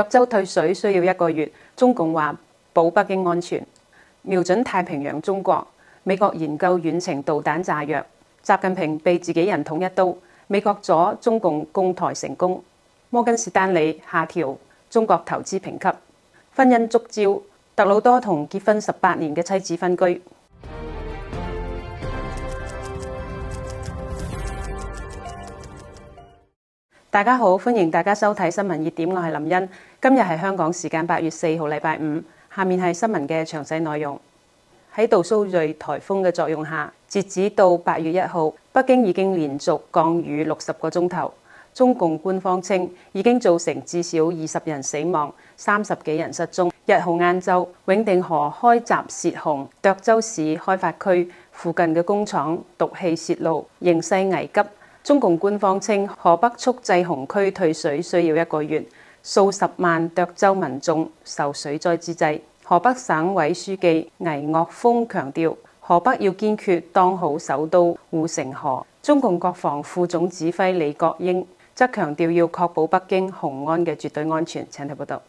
涿州退水需要一個月，中共話保北京安全，瞄準太平洋中國。美國研究遠程導彈炸藥。習近平被自己人捅一刀。美國阻中共攻台成功。摩根士丹利下調中國投資評級。婚姻觸礁，杜魯多同結婚十八年嘅妻子分居。大家好，歡迎大家收睇新聞熱點，我係林茵。今日係香港時間八月四號，禮拜五。下面係新聞嘅詳細內容。喺杜蘇芮颱風嘅作用下，截止到八月一號，北京已經連續降雨六十個鐘頭。中共官方稱已經造成至少二十人死亡，三十幾人失蹤。一號晏晝，永定河開閘泄洪，涿州市開發區附近嘅工廠毒氣泄露，形勢危急。中共官方稱河北蓄滯洪區退水需要一個月，數十萬涿州民眾受水災之際，河北省委書記倪岳峰強調河北要堅決當好首都護城河。中共國防副總指揮李國英則強調要確保北京雄安嘅絕對安全。請睇報道。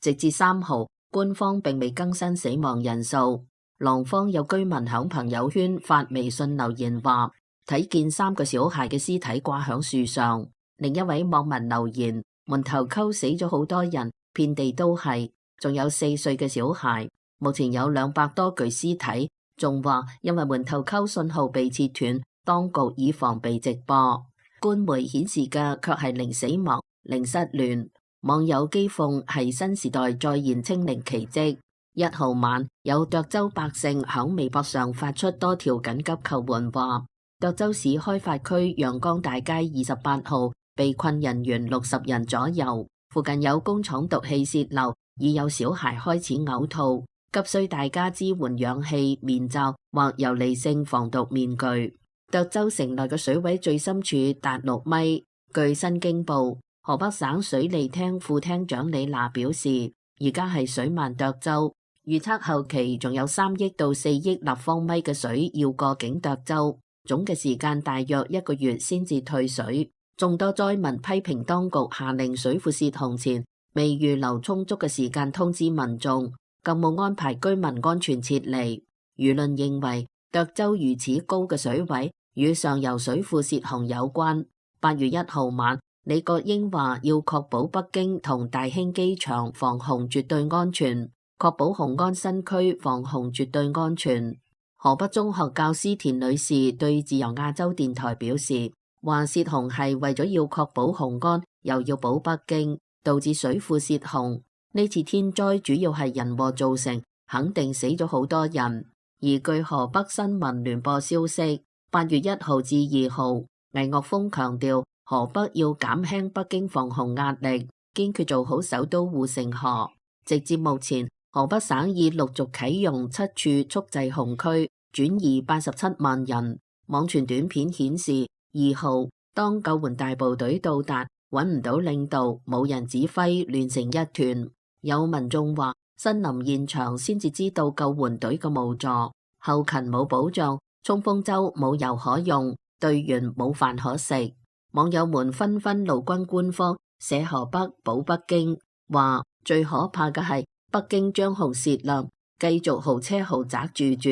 直至三號官方並未更新死亡人數，廊坊有居民響朋友圈發微信留言話。睇見三個小孩嘅屍體掛響樹上，另一位網民留言：門頭溝死咗好多人，遍地都係，仲有四歲嘅小孩。目前有兩百多具屍體，仲話因為門頭溝信號被切斷，當局以防被直播。官媒顯示嘅卻係零死亡、零失聯。網友譏諷係新時代再現清零奇跡。一號晚有涿州百姓響微博上發出多條緊急求援話。涿州市開發區陽光大街二十八號被困人員六十人左右，附近有工廠毒氣洩漏，已有小孩開始嘔吐，急需大家支援氧氣面罩或游離性防毒面具。涿州城內嘅水位最深處達六米。據新京報河北省水利廳副廳長李娜表示，而家係水漫涿州，預測後期仲有三億到四億立方米嘅水要過境涿州。總嘅時間大約一個月先至退水。眾多災民批評當局下令水庫洩洪前未預留充足嘅時間通知民眾，更冇安排居民安全撤離。輿論認為，涿州如此高嘅水位與上游水庫洩洪有關。八月一號晚，李國英話要確保北京同大興機場防洪絕對安全，確保雄安新區防洪絕對安全。河北中學教師田女士對自由亞洲電台表示，話洩洪係為咗要確保雄安，又要保北京，導致水庫洩洪。呢次天災主要係人禍造成，肯定死咗好多人。而據河北新聞聯播消息，八月一號至二號，倪岳峰強調河北要減輕北京防洪壓力，堅決做好首都護城河。直至目前。河北省已陸續啟用七處蓄滯洪區，轉移八十七萬人。網傳短片顯示，二號當救援大部隊到達，搵唔到領導，冇人指揮，亂成一團。有民眾話：，身臨現場先至知道救援隊嘅無助，後勤冇保障，衝鋒舟冇油可用，隊員冇飯可食。網友們紛紛怒軍官方，寫河北保北京，話最可怕嘅係。北京將洪洩啦，繼續豪車豪宅住住，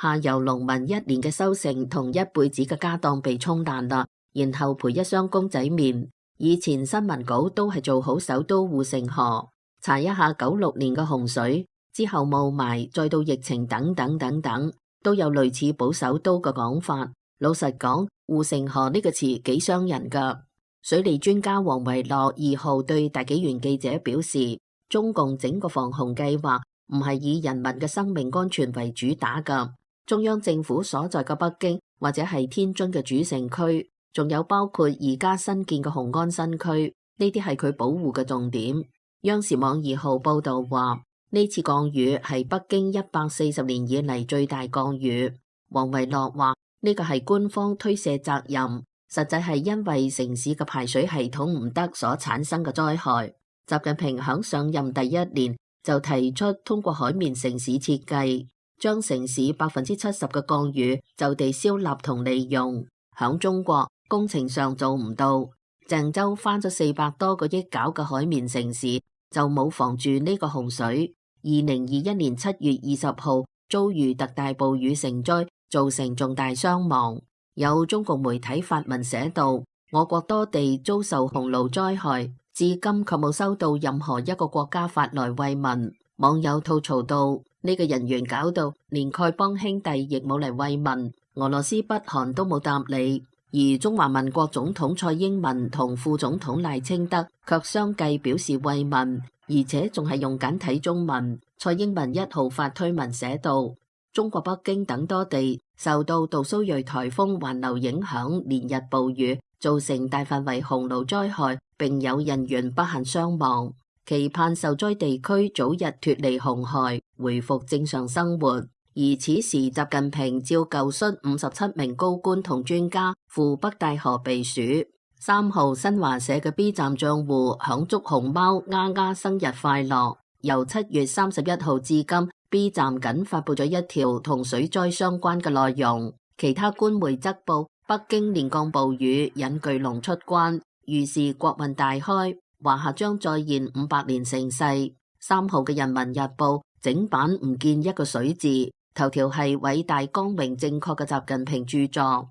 下游農民一年嘅收成同一輩子嘅家當被沖淡啦，然後賠一箱公仔麵。以前新聞稿都係做好首都護城河，查一下九六年嘅洪水之後霧霾，再到疫情等等等等，都有類似保首都嘅講法。老實講，護城河呢個詞幾傷人噶。水利專家王維洛二號對大紀元記者表示，中共整個防洪計劃唔係以人民嘅生命安全為主打噶。中央政府所在嘅北京或者係天津嘅主城區，仲有包括而家新建嘅雄安新區，呢啲係佢保護嘅重點。央視網二號報道話，呢次降雨係北京一百四十年以嚟最大降雨。王維樂話，呢個係官方推卸責任，實際係因為城市嘅排水系統唔得所產生嘅災害。習近平響上任第一年就提出通過海綿城市設計，將城市百分之七十嘅降雨就地消納同利用。響中國工程上做唔到，鄭州花咗四百多個億搞嘅海綿城市就冇防住呢個洪水。二零二一年七月二十號遭遇特大暴雨成災，造成重大傷亡。有中共媒體發文寫道：我國多地遭受洪澇災害。至今卻冇收到任何一個國家發來慰問。網友吐槽道：呢、這個人員搞到連丐幫兄弟亦冇嚟慰問，俄羅斯、北韓都冇搭理。而中華民國總統蔡英文同副總統賴清德卻相繼表示慰問，而且仲係用簡體中文。蔡英文一號發推文寫道：中國北京等多地受到杜蘇芮台風環流影響，連日暴雨。造成大範圍洪澇災害，並有人員不幸傷亡。期盼受災地區早日脱離洪害，回復正常生活。而此時，習近平照舊率五十七名高官同專家赴北戴河避暑。三號新華社嘅 B 站賬戶響祝熊貓丫丫生日快樂。由七月三十一號至今，B 站僅發布咗一條同水災相關嘅內容。其他官媒則報。北京連降暴雨，引巨龍出關，預示國運大開，華夏將再現五百年盛世。三號嘅《人民日報》整版唔見一個水字，頭條係偉大光榮正確嘅習近平著作。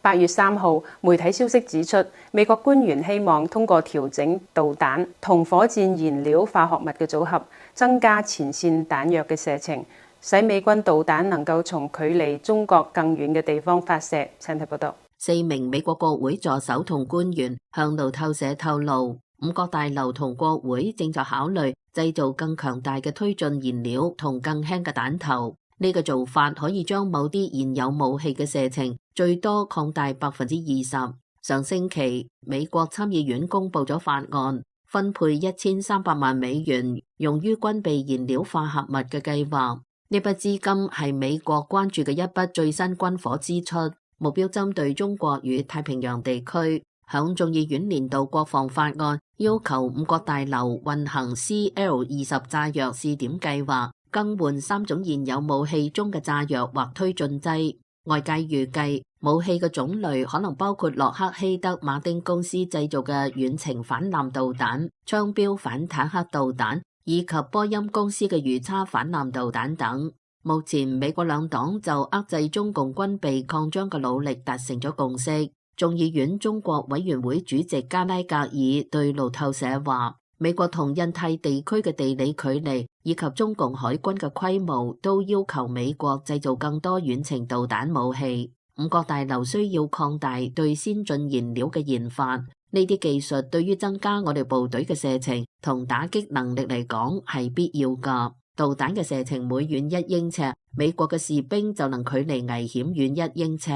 八月三號，媒體消息指出，美國官員希望通過調整導彈同火箭燃料化學物嘅組合，增加前綫彈藥嘅射程。使美軍導彈能夠從距離中國更遠嘅地方發射。請睇報道，四名美國國會助手同官員向路透社透露，五角大樓同國會正在考慮製造更強大嘅推進燃料同更輕嘅彈頭。呢、這個做法可以將某啲現有武器嘅射程最多擴大百分之二十。上星期，美國參議院公布咗法案，分配一千三百萬美元用於軍備燃料化合物嘅計劃。呢筆資金係美國關注嘅一筆最新軍火支出，目標針對中國與太平洋地區。響眾議院年度國防法案要求五角大樓運行 CL-20 炸藥試點計劃，更換三種現有武器中嘅炸藥或推進劑。外界預計武器嘅種類可能包括洛克希德馬丁公司製造嘅遠程反艦導彈、槍標反坦克導彈。以及波音公司嘅魚叉反艦導彈等，目前美國兩黨就遏制中共軍備擴張嘅努力達成咗共識。眾議院中國委員會主席加拉格爾對路透社話，美國同印太地區嘅地理距離以及中共海軍嘅規模，都要求美國製造更多遠程導彈武器。五角大樓需要擴大對先進燃料嘅研發。呢啲技術對於增加我哋部隊嘅射程同打擊能力嚟講係必要噶。導彈嘅射程每遠一英尺，美國嘅士兵就能距離危險遠一英尺。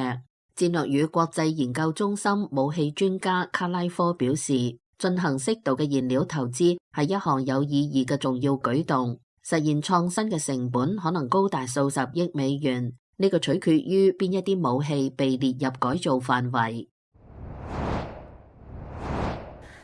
戰略與國際研究中心武器專家卡拉科表示，進行適度嘅燃料投資係一項有意義嘅重要舉動。實現創新嘅成本可能高達數十億美元，呢個取決於邊一啲武器被列入改造範圍。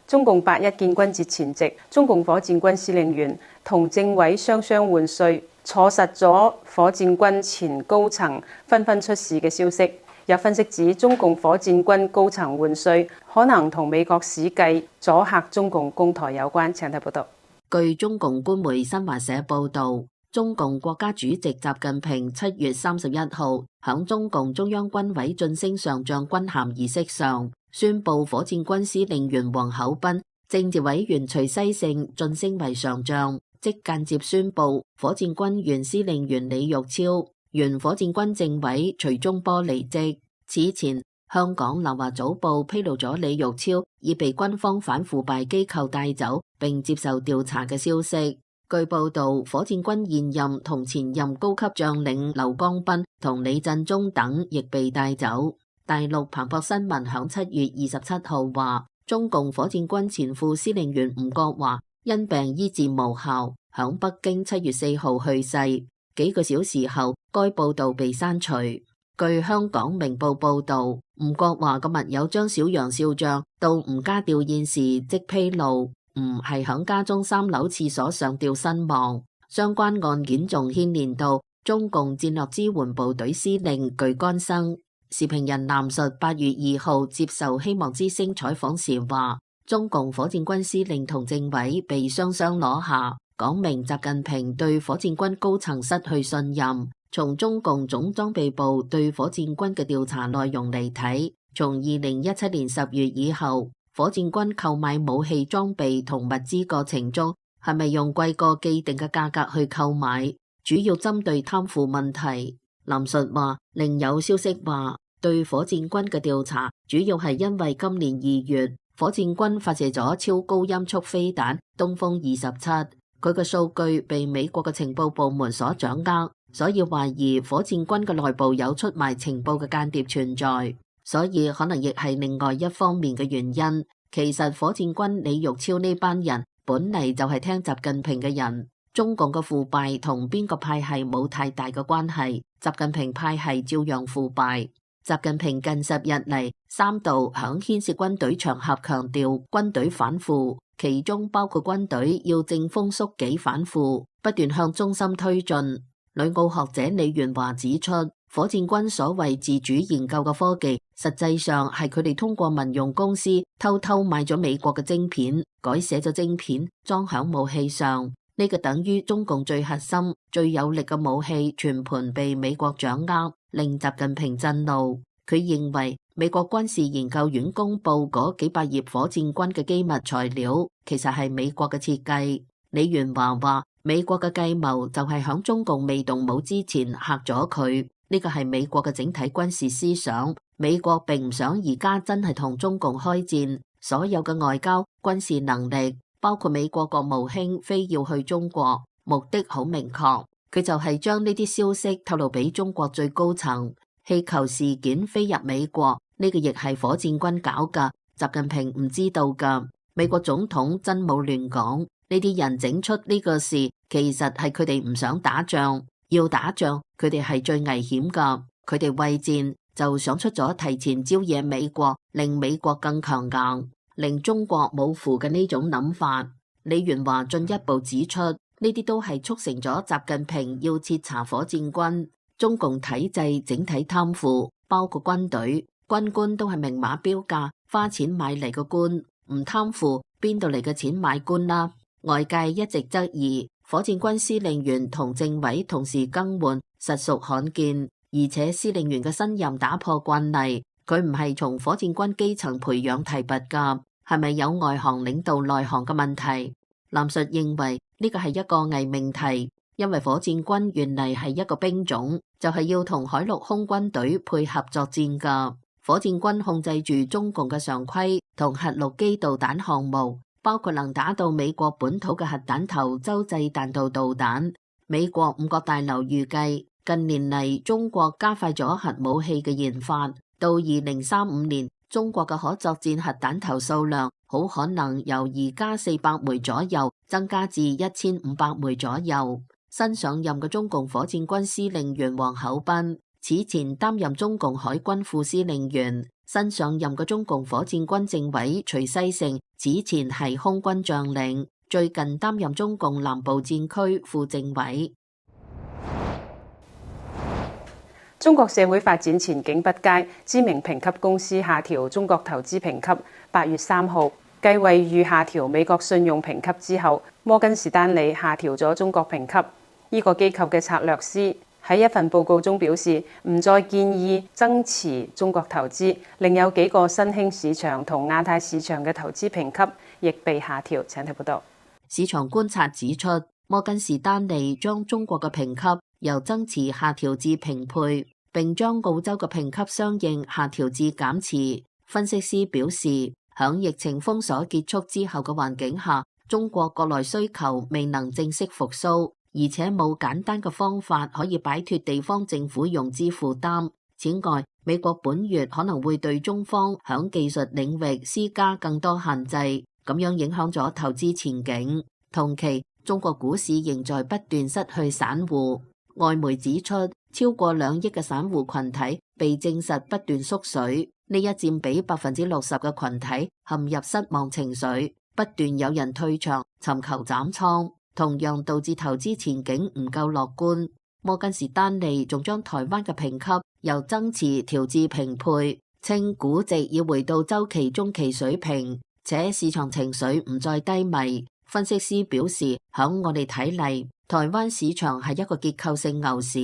中共八一建軍節前夕，中共火箭軍司令員同政委雙雙換帥，坐實咗火箭軍前高層紛紛出事嘅消息。有分析指，中共火箭軍高層換帥可能同美國使計阻嚇中共攻台有關，請睇報道。據中共官媒新華社報道，中共國家主席習近平七月三十一號響中共中央軍委晉升上將軍銜儀式上，宣佈火箭軍司令員王厚斌、政治委員徐西盛晉升為上將，即間接宣佈火箭軍原司令員李玉超、原火箭軍政委徐忠波離職。此前，香港《南華早報》披露咗李玉超已被軍方反腐敗機構帶走並接受調查嘅消息。據報道，火箭軍現任同前任高級將領劉光斌同李振中等亦被帶走。大陸彭博新聞響七月二十七號話，中共火箭軍前副司令員吳國華因病醫治無效，響北京七月四號去世。幾個小時後，該報道被刪除。據香港明報報道，吳國華個密友張小楊少將到吳家吊唁時即披露，吳係響家中三樓廁所上吊身亡。相關案件仲牽連到中共戰略支援部隊司令巨乾生。時評人藍述八月二號接受希望之聲採訪時話，中共火箭軍司令同政委被雙雙攞下，講明習近平對火箭軍高層失去信任。從中共總裝備部對火箭軍嘅調查內容嚟睇，從二零一七年十月以後，火箭軍購買武器裝備同物資過程中係咪用貴過既定嘅價格去購買，主要針對貪腐問題。林述話，另有消息話，對火箭軍嘅調查，主要係因為今年二月，火箭軍發射咗超高音速飛彈東風二十七，佢嘅數據被美國嘅情報部門所掌握，所以懷疑火箭軍嘅內部有出賣情報嘅間諜存在，所以可能亦係另外一方面嘅原因。其實火箭軍李玉超呢班人，本嚟就係聽習近平嘅人。中共嘅腐敗同邊個派系冇太大嘅關係，習近平派系照樣腐敗。習近平近十日嚟三度響牽涉軍隊場合強調軍隊反腐，其中包括軍隊要正風肅紀反腐，不斷向中心推進。旅澳學者李元華指出，火箭軍所謂自主研究嘅科技，實際上係佢哋通過民用公司偷偷買咗美國嘅晶片，改寫咗晶片裝響武器上。呢個等於中共最核心、最有力嘅武器，全盤被美國掌握，令習近平震怒。佢認為美國軍事研究院公布嗰幾百頁火箭軍嘅機密材料，其實係美國嘅設計。李元華話：美國嘅計謀就係響中共未動武之前嚇咗佢。呢個係美國嘅整體軍事思想。美國並唔想而家真係同中共開戰，所有嘅外交、軍事能力。包括美國國務卿非要去中國，目的好明確，佢就係將呢啲消息透露俾中國最高層。氣球事件飛入美國，呢個亦係火箭軍搞噶，習近平唔知道噶。美國總統真冇亂講，呢啲人整出呢個事，其實係佢哋唔想打仗，要打仗佢哋係最危險噶，佢哋畏戰就想出咗提前招惹美國，令美國更強硬。令中國冇附嘅呢種諗法，李元華進一步指出，呢啲都係促成咗習近平要徹查火箭軍中共體制整體貪腐，包括軍隊軍官都係明碼標價花錢買嚟嘅官，唔貪腐邊度嚟嘅錢買官啦、啊？外界一直質疑火箭軍司令員同政委同時更換，實屬罕見。而且司令員嘅新任打破慣例，佢唔係從火箭軍基層培養提拔噶。係咪有外行領導內行嘅問題？藍述認為呢個係一個偽命題，因為火箭軍原來係一個兵種，就係要同海陸空軍隊配合作戰噶。火箭軍控制住中共嘅常規同核陸基導彈項目，包括能打到美國本土嘅核彈頭洲際彈道導彈。美國五角大樓預計近年嚟，中國加快咗核武器嘅研發，到二零三五年。中國嘅可作戰核彈頭數量好可能由而家四百枚左右增加至一千五百枚左右。新上任嘅中共火箭軍司令員王厚斌，此前擔任中共海軍副司令員；新上任嘅中共火箭軍政委徐西成，此前係空軍將領，最近擔任中共南部戰區副政委。中國社會發展前景不佳，知名評級公司下調中國投資評級。八月三號，繼惠譽下調美國信用評級之後，摩根士丹利下調咗中國評級。呢、這個機構嘅策略師喺一份報告中表示，唔再建議增持中國投資。另有幾個新興市場同亞太市場嘅投資評級亦被下調。請睇報道。市場觀察指出，摩根士丹利將中國嘅評級。由增持下調至平配，並將澳洲嘅評級相應下調至減持。分析師表示，響疫情封鎖結束之後嘅環境下，中國國內需求未能正式復蘇，而且冇簡單嘅方法可以擺脫地方政府融資負擔。此外，美國本月可能會對中方響技術領域施加更多限制，咁樣影響咗投資前景。同期，中國股市仍在不斷失去散戶。外媒指出，超過兩億嘅散戶群體被證實不斷縮水，呢一佔比百分之六十嘅群體陷入失望情緒，不斷有人退場尋求斬倉，同樣導致投資前景唔夠樂觀。摩根士丹利仲將台灣嘅評級由增持調至平配，稱估值已回到周期中期水平，且市場情緒唔再低迷。分析師表示，響我哋睇嚟，台灣市場係一個結構性牛市，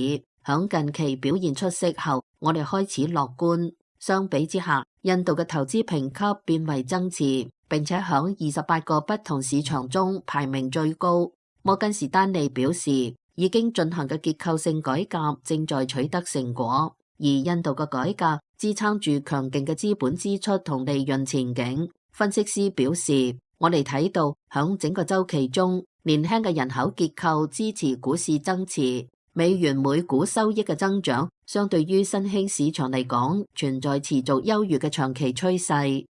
響近期表現出色後，我哋開始樂觀。相比之下，印度嘅投資評級變為增持，並且響二十八個不同市場中排名最高。摩根士丹利表示，已經進行嘅結構性改革正在取得成果，而印度嘅改革支撐住強勁嘅資本支出同利潤前景。分析師表示，我哋睇到響整個周期中。年輕嘅人口結構支持股市增持，美元每股收益嘅增長相對於新興市場嚟講存在持續優越嘅長期趨勢。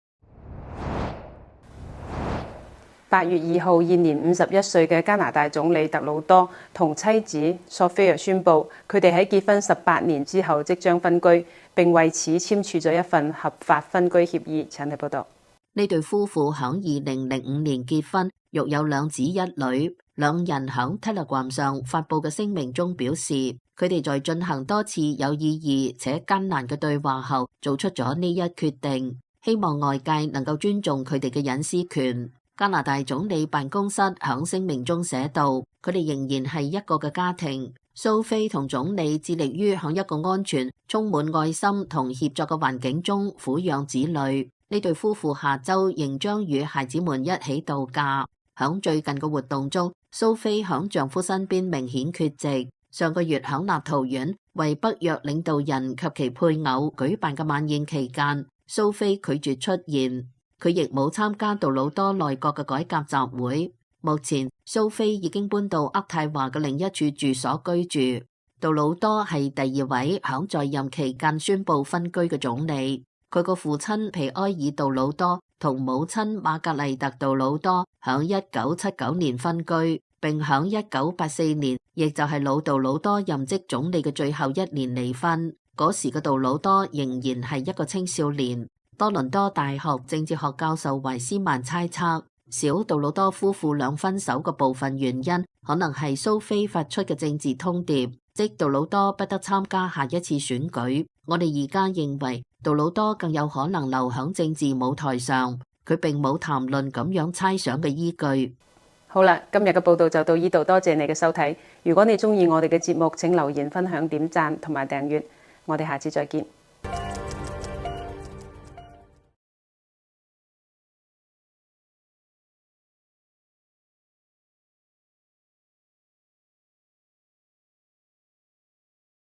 八月二號，現年五十一歲嘅加拿大總理特魯多同妻子索菲亞宣布，佢哋喺結婚十八年之後即將分居，並為此簽署咗一份合法分居協議。請你報道。呢對夫婦響二零零五年結婚，育有兩子一女。兩人響 Telegram 上發布嘅聲明中表示，佢哋在進行多次有意義且艱難嘅對話後，做出咗呢一決定，希望外界能夠尊重佢哋嘅隱私權。加拿大總理辦公室響聲明中寫道，佢哋仍然係一個嘅家庭。蘇菲同總理致力於響一個安全、充滿愛心同協作嘅環境中撫養子女。呢對夫婦下周仍將與孩子們一起度假。響最近嘅活動中，蘇菲響丈夫身邊明顯缺席。上個月響立陶宛為北約領導人及其配偶舉辦嘅晚宴期間，蘇菲拒絕出現。佢亦冇參加杜魯多內閣嘅改革集會。目前，蘇菲已經搬到渥太華嘅另一處住所居住。杜魯多係第二位響在任期間宣布分居嘅總理。佢個父親皮埃爾杜魯多同母親馬格麗特杜魯多響一九七九年分居，並響一九八四年，亦就係老杜魯多任職總理嘅最後一年離婚。嗰時嘅杜魯多仍然係一個青少年。多倫多大學政治學教授維斯曼猜測，小杜魯多夫婦兩分手嘅部分原因，可能係蘇菲發出嘅政治通牒，即杜魯多不得參加下一次選舉。我哋而家認為杜魯多更有可能留響政治舞台上，佢並冇談論咁樣猜想嘅依據。好啦，今日嘅報道就到呢度，多謝你嘅收睇。如果你中意我哋嘅節目，請留言、分享、點讚同埋訂閱。我哋下次再見。